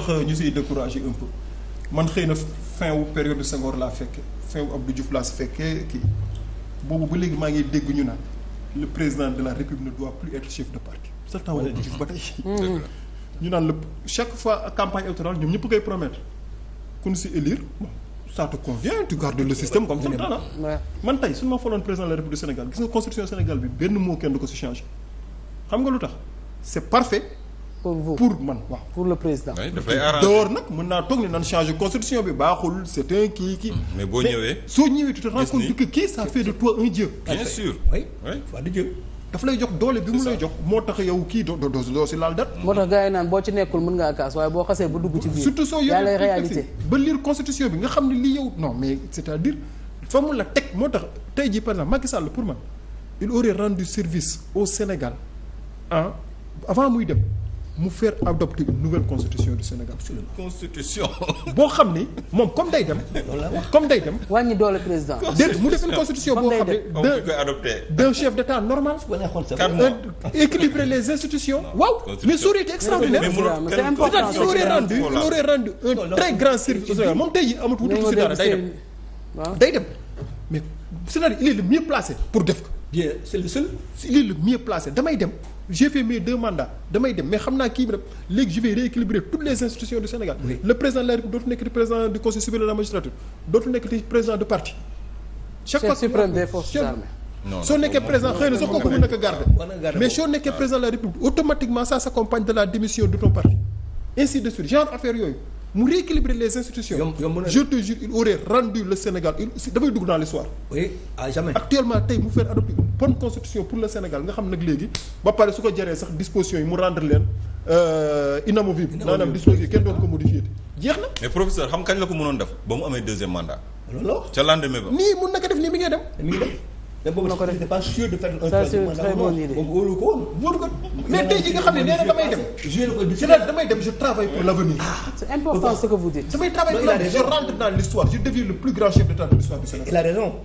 tax ñu siy découragé un man xëy na fin wu période Senghor laa fekkee fin wu Abdou Diouf laa si fekkee kii boobu ba léegi maa ngi dégg ñu naan le président de la République ne doit plus être chef de parti sa taw la gis ba tey mm-hmm. ñu naan la chaque fois campagne électorale ñoom ñëpp koy promettre kun si élire bon ça te convient tu gardes le système comme ça daana man tey suñu ma faloon président de la République du Sénégal gis nga constitution Sénégal bi benn moo kenn du ko si changé xam nga lu tax c'est parfait pour vous pour man waaw. pour le président. door nag mën naa toog ne nan changer constitution bi baaxul c' est un kii kii. Mm, mais boo ñëwee. soo ñëwee tu te rends compte kii ça fait de toi un dieu. bien sûr oui oui di dieu. daf lay jox doole bi mu lay jox moo tax yow kii doo doo doo si laal dat moo tax gars yi naan boo ci nekkul mën ngaa kaas waaye boo xasee ba dugg ci biir. surtout soo yor ba lire constitution bi nga xam ne lii yow non mais c' est teg moo tax tey jii par exemple Macky Sall pour man il aurait rendu service au Sénégal ah avant muy dem. mu faire adopter une nouvelle constitution du Sénégal. absolument constitution. boo xam ni moom comme day dem. comme day dem. wàññi doole président. déet mu def constitution boo xam ne deux deux chefs d'État normal. Euh, équilibrer les institutions. waaw mais ça aurait été extraordinaire. moom tey jii amatul wutu si dara day dem. day dem mais cest il est le mieux placé pour def ko. bien c'est le seul il est le mieux placé damay dem j'ai fait mes deux damay dem mais xam naa kii bi nag léegi je vais toutes les institutions du Sénégal oui. président la République dootu nekk président du conseil supérieur de la magistrature dootu nekk président de parti soo nekkee président xëy na sax kooku mën na ko mais soo nekkee président la République automatiquement ça s'accompagne de la démission de ton parti ainsi de suite genre mu rééquilibrer les institutions. yomb yomb na te jure il aurait rendu le Sénégal dafay dugg dans l'histoire actuellement tey mu faire adopter une constitution pour le Sénégal nga xam nag léegi ba pare su ko jëree sax dispositions yi mu rendre leen euh, inamovible. maanaam dispositions yi kenn doon ko modifier jeex na. mais professeur xam kañ la ko mënoon def ba mu amee deuxième mandat. loolu ca lendemain ba. nii mun na ko def nii mi ngi dem. mais boobu je n'étais pas sûr de faire un ko mais tey jii nga xam ne nee na damay dem. je damay dem je travaille pour l'avenir. Ah, c'est important ce que vous dites. damay travaille pour l'avenir je rentre dans l'histoire je deviens le plus grand chef d'État de l'histoire du Sénégal. il a raison.